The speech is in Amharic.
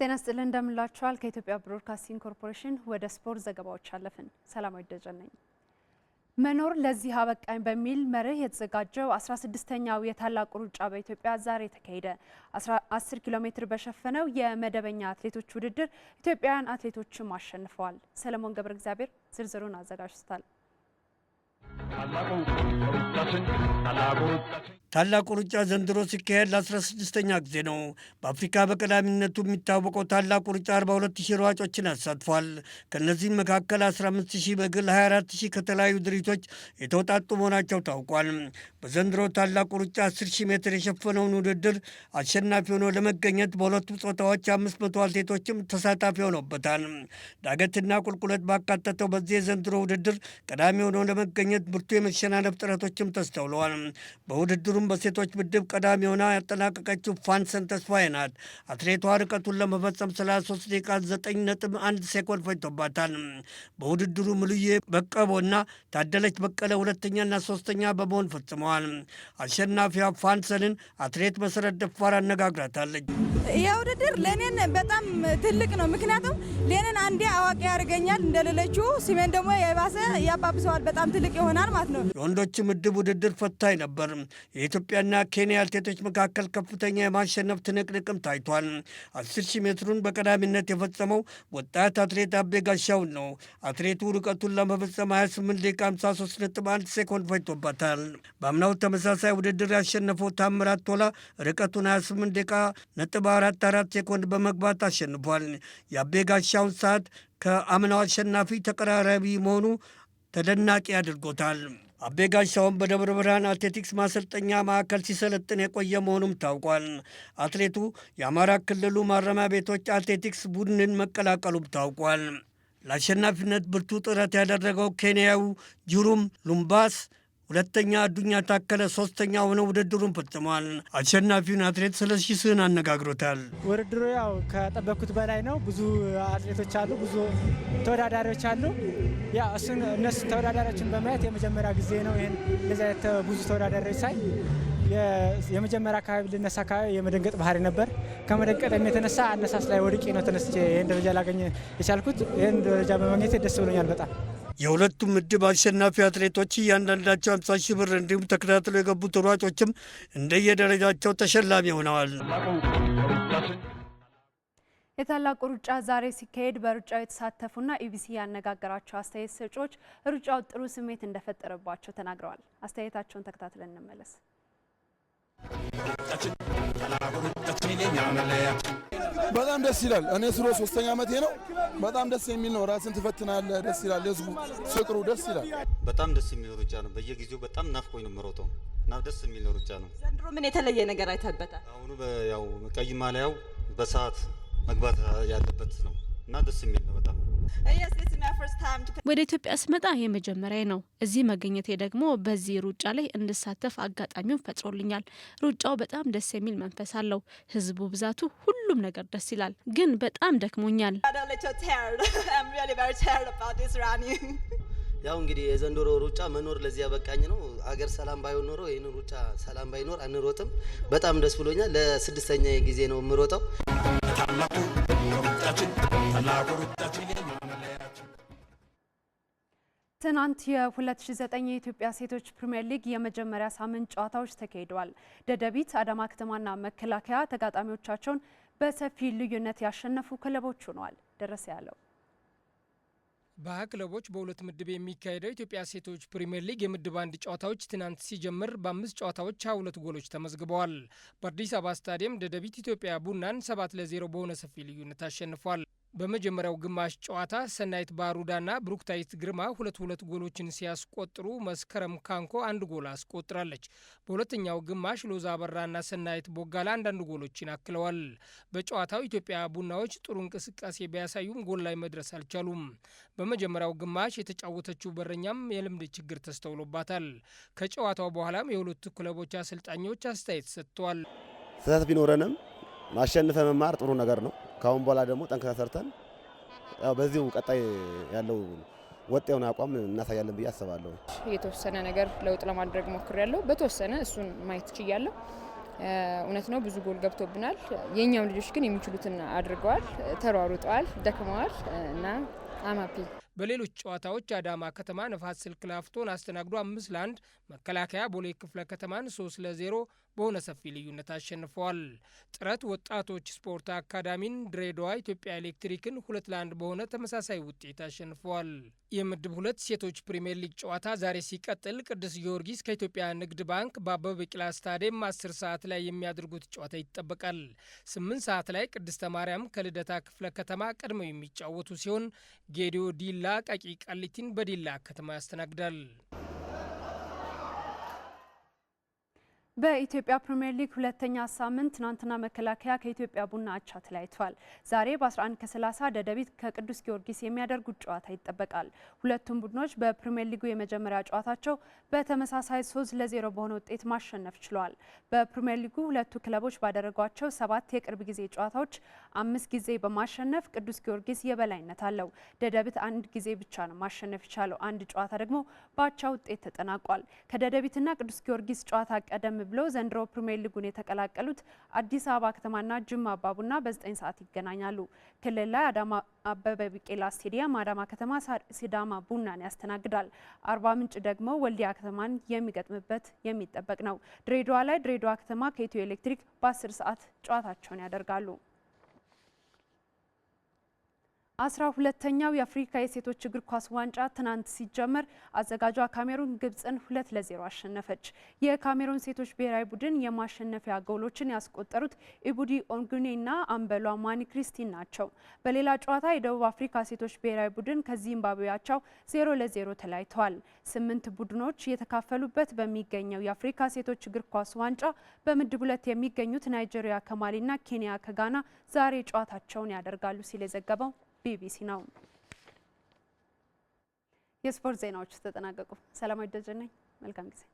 ጤና ስጥልን እንደምንላችኋል። ከኢትዮጵያ ብሮድካስቲንግ ኮርፖሬሽን ወደ ስፖርት ዘገባዎች አለፍን። ሰላማዊ ደጀን ነኝ። መኖር ለዚህ አበቃኝ በሚል መርህ የተዘጋጀው 16ኛው የታላቁ ሩጫ በኢትዮጵያ ዛሬ ተካሄደ። 10 ኪሎ ሜትር በሸፈነው የመደበኛ አትሌቶች ውድድር ኢትዮጵያውያን አትሌቶችም አሸንፈዋል። ሰለሞን ገብረ እግዚአብሔር ዝርዝሩን አዘጋጅቷል። ታላቁ ሩጫ ዘንድሮ ሲካሄድ ለ16ኛ ጊዜ ነው። በአፍሪካ በቀዳሚነቱ የሚታወቀው ታላቁ ሩጫ 42 ሺህ ሯጮችን አሳትፏል። ከእነዚህም መካከል 15 ሺህ በግል 24 ሺህ ከተለያዩ ድርጅቶች የተውጣጡ መሆናቸው ታውቋል። በዘንድሮ ታላቁ ሩጫ 10 ሺህ ሜትር የሸፈነውን ውድድር አሸናፊ ሆኖ ለመገኘት በሁለቱም ጾታዎች 500 አትሌቶችም ተሳታፊ ሆኖበታል። ዳገትና ቁልቁለት ባካተተው በዚህ የዘንድሮ ውድድር ቀዳሚ ሆኖ ለመገኘት ብርቱ የመሸናነፍ ጥረቶችም ተስተውለዋል። በውድድሩ እንዲሁም በሴቶች ምድብ ቀዳሚ ሆና ያጠናቀቀችው ፋንሰን ተስፋዬ ናት። አትሌቷ ርቀቱን ለመፈጸም 33 ደቂቃ 9 ነጥብ 1 ሴኮንድ ፈጅቶባታል። በውድድሩ ምሉዬ በቀቦና ታደለች በቀለ ሁለተኛና ሶስተኛ በመሆን ፈጽመዋል። አሸናፊዋ ፋንሰንን አትሌት መሰረት ደፋር አነጋግራታለች። ይህ ውድድር ለእኔን በጣም ትልቅ ነው። ምክንያቱም ለእኔን አንዴ አዋቂ ያደርገኛል እንደሌለችው ሲሜን ደግሞ የባሰ ያባብሰዋል። በጣም ትልቅ ይሆናል ማለት ነው። የወንዶች ምድብ ውድድር ፈታኝ ነበር። በኢትዮጵያና ኬንያ አትሌቶች መካከል ከፍተኛ የማሸነፍ ትንቅንቅም ታይቷል። አስር ሺህ ሜትሩን በቀዳሚነት የፈጸመው ወጣት አትሌት አቤ ጋሻውን ነው። አትሌቱ ርቀቱን ለመፈጸም 28 ደቂቃ 53.1 ሴኮንድ ፈጅቶበታል። በአምናው ተመሳሳይ ውድድር ያሸነፈው ታምራት ቶላ ርቀቱን 28 ደቂቃ ነጥብ 44 ሴኮንድ በመግባት አሸንፏል። የአቤ ጋሻውን ሰዓት ከአምናው አሸናፊ ተቀራራቢ መሆኑ ተደናቂ አድርጎታል። አቤ ጋሻውን በደብረ ብርሃን አትሌቲክስ ማሰልጠኛ ማዕከል ሲሰለጥን የቆየ መሆኑም ታውቋል። አትሌቱ የአማራ ክልሉ ማረሚያ ቤቶች አትሌቲክስ ቡድንን መቀላቀሉም ታውቋል። ለአሸናፊነት ብርቱ ጥረት ያደረገው ኬንያዊው ጁሩም ሉምባስ ሁለተኛ አዱኛ ታከለ ሶስተኛ ሆነው ውድድሩን ፈጽሟል። አሸናፊውን አትሌት ስለሺ ስህን አነጋግሮታል። ውድድሩ ያው ከጠበኩት በላይ ነው። ብዙ አትሌቶች አሉ፣ ብዙ ተወዳዳሪዎች አሉ። ያ እሱን እነሱ ተወዳዳሪዎችን በማየት የመጀመሪያ ጊዜ ነው ይህን እንደዚህ ብዙ ተወዳዳሪዎች ሳይ የመጀመሪያ አካባቢ ልነሳ አካባቢ የመደንገጥ ባህሪ ነበር። ከመደንገጥም የተነሳ አነሳስ ላይ ወድቄ ነው ተነስቼ ይህን ደረጃ ላገኘ የቻልኩት። ይህን ደረጃ በማግኘት ደስ ብሎኛል በጣም የሁለቱም ምድብ አሸናፊ አትሌቶች እያንዳንዳቸው 50 ሺህ ብር እንዲሁም ተከታትሎ የገቡ ተሯጮችም እንደየደረጃቸው ተሸላሚ ሆነዋል። የታላቁ ሩጫ ዛሬ ሲካሄድ በሩጫው የተሳተፉና ኢቢሲ ያነጋገራቸው አስተያየት ሰጪዎች ሩጫው ጥሩ ስሜት እንደፈጠረባቸው ተናግረዋል። አስተያየታቸውን ተከታትለን እንመለስ። በጣም ደስ ይላል። እኔ ስሮ ሶስተኛ ዓመቴ ነው። በጣም ደስ የሚል ነው። ራስን ትፈትናለህ። ደስ ይላል። ህዝቡ ፍቅሩ ደስ ይላል። በጣም ደስ የሚል ሩጫ ነው። በየጊዜው በጣም ናፍቆኝ ነው የምሮጠው እና ደስ የሚል ሩጫ ነው። ዘንድሮ ምን የተለየ ነገር አይተህበታል? አሁኑ ያው ቀይ ማሊያው በሰዓት መግባት ያለበት ነው እና ደስ የሚል ነው በጣም ወደ ኢትዮጵያ ስመጣ የመጀመሪያ ነው። እዚህ መገኘቴ ደግሞ በዚህ ሩጫ ላይ እንድሳተፍ አጋጣሚውን ፈጥሮልኛል። ሩጫው በጣም ደስ የሚል መንፈስ አለው። ህዝቡ ብዛቱ፣ ሁሉም ነገር ደስ ይላል። ግን በጣም ደክሞኛል። ያው እንግዲህ የዘንድሮ ሩጫ መኖር ለዚህ ያበቃኝ ነው። አገር ሰላም ባይሆን ኖሮ ይህን ሩጫ ሰላም ባይኖር አንሮጥም። በጣም ደስ ብሎኛል። ለስድስተኛ ጊዜ ነው የምሮጠው። ታላቁ ሩጫችን ታላቁ ሩጫችን ትናንት የ2009 የኢትዮጵያ ሴቶች ፕሪምየር ሊግ የመጀመሪያ ሳምንት ጨዋታዎች ተካሂደዋል። ደደቢት፣ አዳማ ከተማና መከላከያ ተጋጣሚዎቻቸውን በሰፊ ልዩነት ያሸነፉ ክለቦች ሆነዋል። ደረሰ ያለው በሀ ክለቦች በሁለት ምድብ የሚካሄደው ኢትዮጵያ ሴቶች ፕሪምየር ሊግ የምድብ አንድ ጨዋታዎች ትናንት ሲጀምር በአምስት ጨዋታዎች ሀያ ሁለት ጎሎች ተመዝግበዋል። በአዲስ አበባ ስታዲየም ደደቢት ኢትዮጵያ ቡናን ሰባት ለዜሮ በሆነ ሰፊ ልዩነት አሸንፏል። በመጀመሪያው ግማሽ ጨዋታ ሰናይት ባሩዳና ብሩክታይት ግርማ ሁለት ሁለት ጎሎችን ሲያስቆጥሩ መስከረም ካንኮ አንድ ጎል አስቆጥራለች። በሁለተኛው ግማሽ ሎዛ አበራና ሰናይት ቦጋላ አንዳንድ ጎሎችን አክለዋል። በጨዋታው ኢትዮጵያ ቡናዎች ጥሩ እንቅስቃሴ ቢያሳዩም ጎል ላይ መድረስ አልቻሉም። በመጀመሪያው ግማሽ የተጫወተችው በረኛም የልምድ ችግር ተስተውሎባታል። ከጨዋታው በኋላም የሁለቱ ክለቦች አሰልጣኞች አስተያየት ሰጥተዋል። ስህተት ቢኖረንም ማሸንፈ መማር ጥሩ ነገር ነው ከአሁን በኋላ ደግሞ ጠንክታ ሰርተን በዚሁ ቀጣይ ያለው ወጥ የሆነ አቋም እናሳያለን ብዬ አስባለሁ። የተወሰነ ነገር ለውጥ ለማድረግ ሞክሬያለሁ። በተወሰነ እሱን ማየት ችያለሁ። እውነት ነው ብዙ ጎል ገብቶብናል። የእኛም ልጆች ግን የሚችሉትን አድርገዋል፣ ተሯሩጠዋል፣ ደክመዋል እና አማፒ በሌሎች ጨዋታዎች አዳማ ከተማ ነፋስ ስልክ ላፍቶን አስተናግዶ አምስት ለአንድ መከላከያ ቦሌ ክፍለ ከተማን ሶስት ለዜሮ በሆነ ሰፊ ልዩነት አሸንፈዋል። ጥረት ወጣቶች ስፖርት አካዳሚን ድሬዳዋ ኢትዮጵያ ኤሌክትሪክን ሁለት ለአንድ በሆነ ተመሳሳይ ውጤት አሸንፈዋል። የምድብ ሁለት ሴቶች ፕሪምየር ሊግ ጨዋታ ዛሬ ሲቀጥል ቅዱስ ጊዮርጊስ ከኢትዮጵያ ንግድ ባንክ በአበበ ቢቂላ ስታዲየም አስር ሰዓት ላይ የሚያደርጉት ጨዋታ ይጠበቃል። ስምንት ሰዓት ላይ ቅድስተ ማርያም ከልደታ ክፍለ ከተማ ቀድመው የሚጫወቱ ሲሆን ጌዲዮ ዲላ ቀቂ ቃሊቲን በዲላ ከተማ ያስተናግዳል። በኢትዮጵያ ፕሪምየር ሊግ ሁለተኛ ሳምንት ትናንትና መከላከያ ከኢትዮጵያ ቡና አቻ ተለያይቷል። ዛሬ በ11 ከ30 ደደቢት ከቅዱስ ጊዮርጊስ የሚያደርጉት ጨዋታ ይጠበቃል። ሁለቱም ቡድኖች በፕሪምየር ሊጉ የመጀመሪያ ጨዋታቸው በተመሳሳይ 3 ለ0 በሆነ ውጤት ማሸነፍ ችሏል። በፕሪምየር ሊጉ ሁለቱ ክለቦች ባደረጓቸው ሰባት የቅርብ ጊዜ ጨዋታዎች አምስት ጊዜ በማሸነፍ ቅዱስ ጊዮርጊስ የበላይነት አለው። ደደቢት አንድ ጊዜ ብቻ ነው ማሸነፍ የቻለው። አንድ ጨዋታ ደግሞ በአቻ ውጤት ተጠናቋል። ከደደቢትና ቅዱስ ጊዮርጊስ ጨዋታ ቀደም ብለው ዘንድሮ ፕሪሚየር ሊጉን የተቀላቀሉት አዲስ አበባ ከተማና ጅማ አባ ቡና በ9 ሰዓት ይገናኛሉ። ክልል ላይ አዳማ አበበ ቢቄላ ስቴዲየም አዳማ ከተማ ሲዳማ ቡናን ያስተናግዳል። አርባ ምንጭ ደግሞ ወልዲያ ከተማን የሚገጥምበት የሚጠበቅ ነው። ድሬዳዋ ላይ ድሬዳዋ ከተማ ከኢትዮ ኤሌክትሪክ በ10 ሰዓት ጨዋታቸውን ያደርጋሉ። አስራ ሁለተኛው የአፍሪካ የሴቶች እግር ኳስ ዋንጫ ትናንት ሲጀመር አዘጋጇ ካሜሩን ግብፅን ሁለት ለዜሮ አሸነፈች። የካሜሩን ሴቶች ብሔራዊ ቡድን የማሸነፊያ ጎሎችን ያስቆጠሩት ኢቡዲ ኦንጉኔና አምበሏ ማኒ ክሪስቲን ናቸው። በሌላ ጨዋታ የደቡብ አፍሪካ ሴቶች ብሔራዊ ቡድን ከዚምባብዌያቸው ዜሮ ለዜሮ ተለያይተዋል። ስምንት ቡድኖች የተካፈሉበት በሚገኘው የአፍሪካ ሴቶች እግር ኳስ ዋንጫ በምድብ ሁለት የሚገኙት ናይጄሪያ ከማሊና ኬንያ ከጋና ዛሬ ጨዋታቸውን ያደርጋሉ ሲል የዘገበው ቢቢሲ ነው። የስፖርት ዜናዎች ተጠናቀቁ። ሰላማዊ ደጀነኝ መልካም ጊዜ